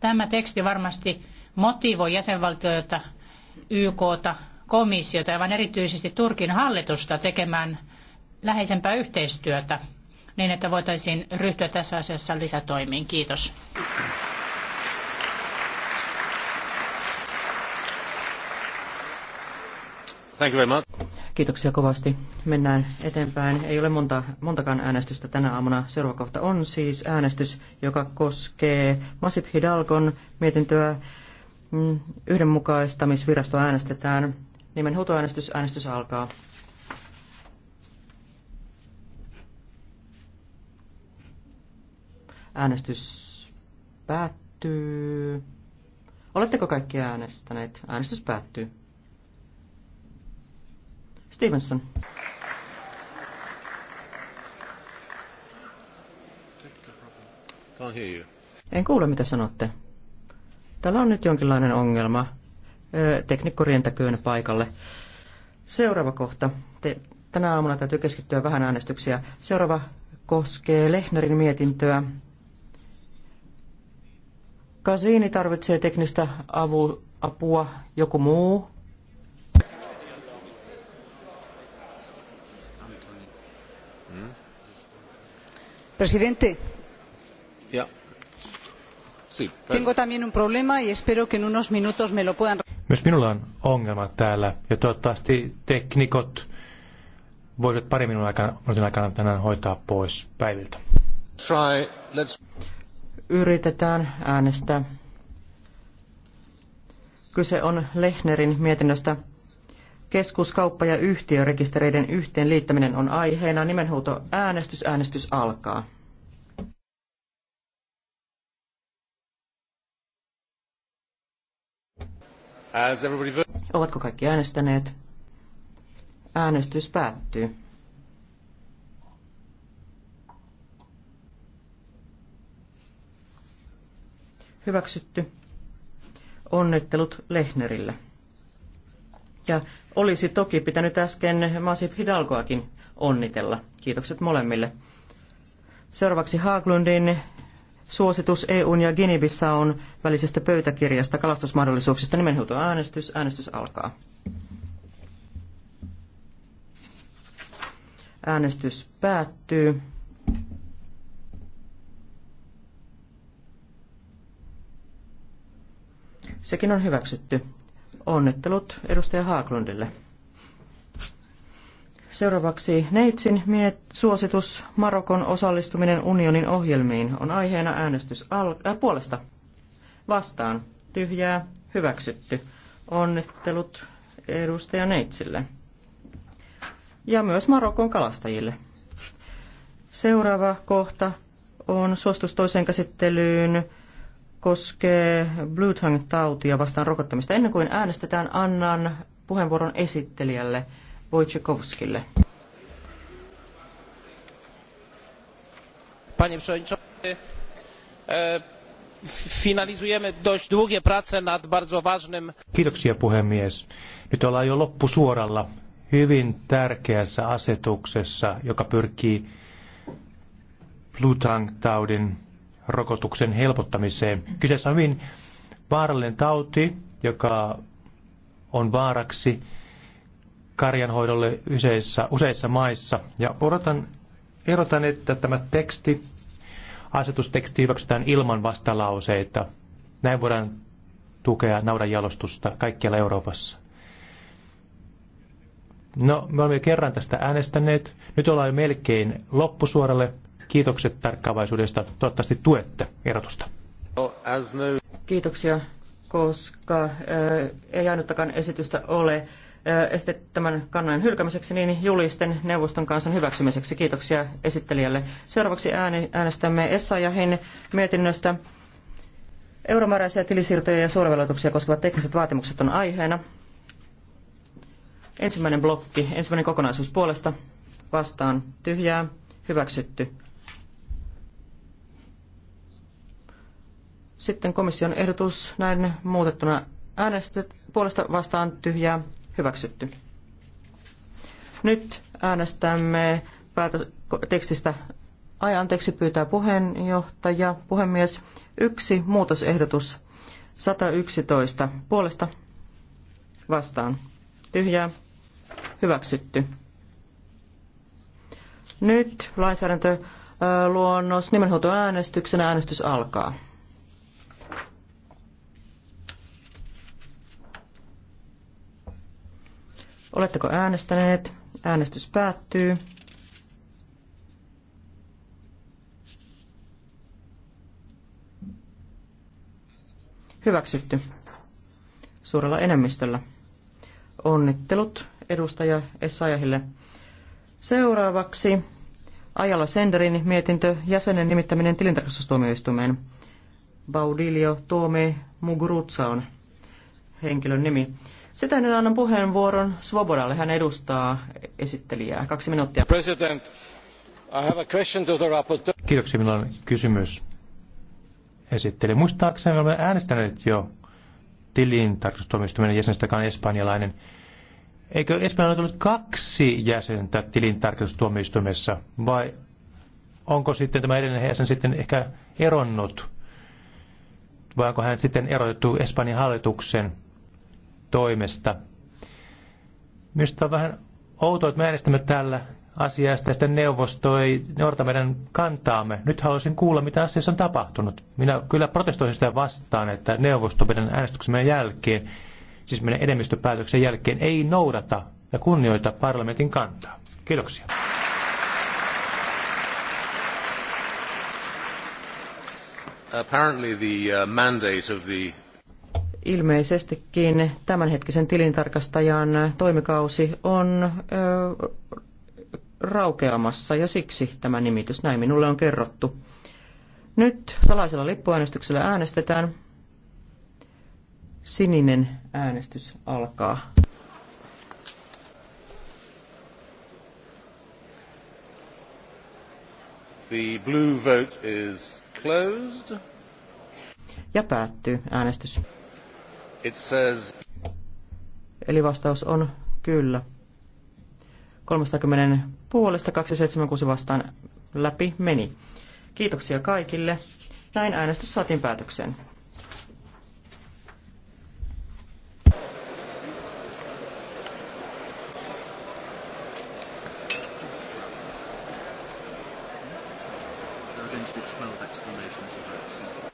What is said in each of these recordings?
Tämä teksti varmasti motivoi jäsenvaltioita, YKta, komissiota ja vain erityisesti Turkin hallitusta tekemään läheisempää yhteistyötä niin, että voitaisiin ryhtyä tässä asiassa lisätoimiin. Kiitos. Thank you very much. Kiitoksia kovasti. Mennään eteenpäin. Ei ole monta, montakaan äänestystä tänä aamuna. Seuraava kohta on siis äänestys, joka koskee Masip Hidalgon mietintöä. Mm, yhdenmukaistamisvirasto äänestetään. Nimen huutoäänestys. Äänestys alkaa. Äänestys päättyy. Oletteko kaikki äänestäneet? Äänestys päättyy. Stevenson. En kuule, mitä sanotte. Täällä on nyt jonkinlainen ongelma. Teknikko rientäköön paikalle. Seuraava kohta. Te, tänä aamuna täytyy keskittyä vähän äänestyksiä. Seuraava koskee Lehnerin mietintöä. Kasiini tarvitsee teknistä avu, apua, joku muu presidente tengo también un problema y espero que en unos minutos me lo puedan Myös minulla on ongelma täällä ja toivottavasti teknikot voisivat pari minuutin aikana, aikana tänään hoitaa pois päiviltä. Try, let's... Yritetään äänestää. Kyse on Lehnerin mietinnöstä Keskuskauppa- ja yhtiörekistereiden yhteenliittäminen on aiheena. Nimenhuuto äänestys. Äänestys alkaa. Ovatko kaikki äänestäneet? Äänestys päättyy. Hyväksytty. Onnittelut Lehnerille. Ja olisi toki pitänyt äsken Masip Hidalgoakin onnitella. Kiitokset molemmille. Seuraavaksi Haaglundin suositus EUn ja on välisestä pöytäkirjasta kalastusmahdollisuuksista nimenhuuto äänestys. Äänestys alkaa. Äänestys päättyy. Sekin on hyväksytty. Onnittelut edustaja Haaglundille. Seuraavaksi Neitsin miet, suositus Marokon osallistuminen unionin ohjelmiin on aiheena äänestys al- äh, puolesta. Vastaan. Tyhjää. Hyväksytty. Onnittelut edustaja Neitsille. Ja myös Marokon kalastajille. Seuraava kohta on suostus toiseen käsittelyyn koskee Bluetongue-tautia vastaan rokottamista. Ennen kuin äänestetään, annan puheenvuoron esittelijälle Wojciechowskille. Panie przewodniczący, e, finalizujemy dość długie prace nad bardzo ważnym... Kiitoksia puhemies. Nyt ollaan jo loppusuoralla hyvin tärkeässä asetuksessa, joka pyrkii Bluetongue-taudin rokotuksen helpottamiseen. Kyseessä on hyvin vaarallinen tauti, joka on vaaraksi karjanhoidolle useissa, useissa maissa. Ja odotan, erotan, että tämä teksti, asetusteksti hyväksytään ilman vastalauseita. Näin voidaan tukea naudanjalostusta kaikkialla Euroopassa. No, me olemme kerran tästä äänestäneet. Nyt ollaan melkein loppusuoralle. Kiitokset tarkkaavaisuudesta. Toivottavasti tuette erotusta. Kiitoksia, koska äh, ei ainuttakaan esitystä ole äh, estet tämän kannan hylkämiseksi, niin julisten neuvoston kansan hyväksymiseksi. Kiitoksia esittelijälle. Seuraavaksi ääni, äänestämme Essayahin mietinnöstä. Euromääräisiä tilisiirtoja ja suoraveloituksia koskevat tekniset vaatimukset on aiheena. Ensimmäinen blokki, ensimmäinen kokonaisuus puolesta, vastaan tyhjää, Hyväksytty. Sitten komission ehdotus näin muutettuna äänestet puolesta vastaan tyhjää hyväksytty. Nyt äänestämme päätö- tekstistä. Ai anteeksi pyytää puheenjohtaja, puhemies. Yksi muutosehdotus. 111 puolesta vastaan. Tyhjää. Hyväksytty. Nyt lainsäädäntöluonnos äänestyksen äänestys alkaa. Oletteko äänestäneet? Äänestys päättyy. Hyväksytty. Suurella enemmistöllä. Onnittelut edustaja Essayahille. Seuraavaksi Ajala Senderin mietintö jäsenen nimittäminen tilintarkastustuomioistuimeen. Baudilio Tuome Muguruza on henkilön nimi. Sitä ennen annan puheenvuoron Svobodalle. Hän edustaa esittelijää. Kaksi minuuttia. President, I have a question to the rapporteur. Kiitoksia. Minulla on kysymys esitteli. Muistaakseni olemme äänestäneet jo tilintarkastustuomioistuimen jäsenestä, espanjalainen. Eikö Espanjalla ole kaksi jäsentä tilintarkastustuomioistuimessa vai onko sitten tämä edellinen jäsen sitten ehkä eronnut vai onko hän sitten erotettu Espanjan hallituksen toimesta? Minusta on vähän outoa, että me äänestämme tällä asiasta ja sitten neuvosto ei noudata meidän kantaamme. Nyt haluaisin kuulla, mitä asiassa on tapahtunut. Minä kyllä protestoisin sitä vastaan, että neuvosto meidän äänestyksemme jälkeen siis meidän enemmistöpäätöksen jälkeen, ei noudata ja kunnioita parlamentin kantaa. Kiitoksia. Apparently the uh, mandate of the Ilmeisestikin tämänhetkisen tilintarkastajan toimikausi on ö, raukeamassa ja siksi tämä nimitys, näin minulle on kerrottu. Nyt salaisella lippuäänestyksellä äänestetään. Sininen äänestys alkaa. The blue vote is closed. Ja päättyy äänestys. It says... Eli vastaus on kyllä. 30 puolesta 276 vastaan läpi meni. Kiitoksia kaikille. Näin äänestys saatiin päätökseen. which smelled explanations of votes.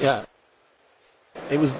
Yeah. It was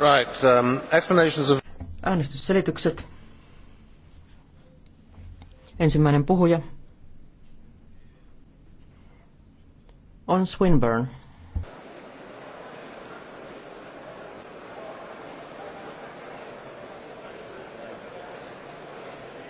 Right, um, explanations of... Äänestysselitykset. Ensimmäinen puhuja on Swinburne.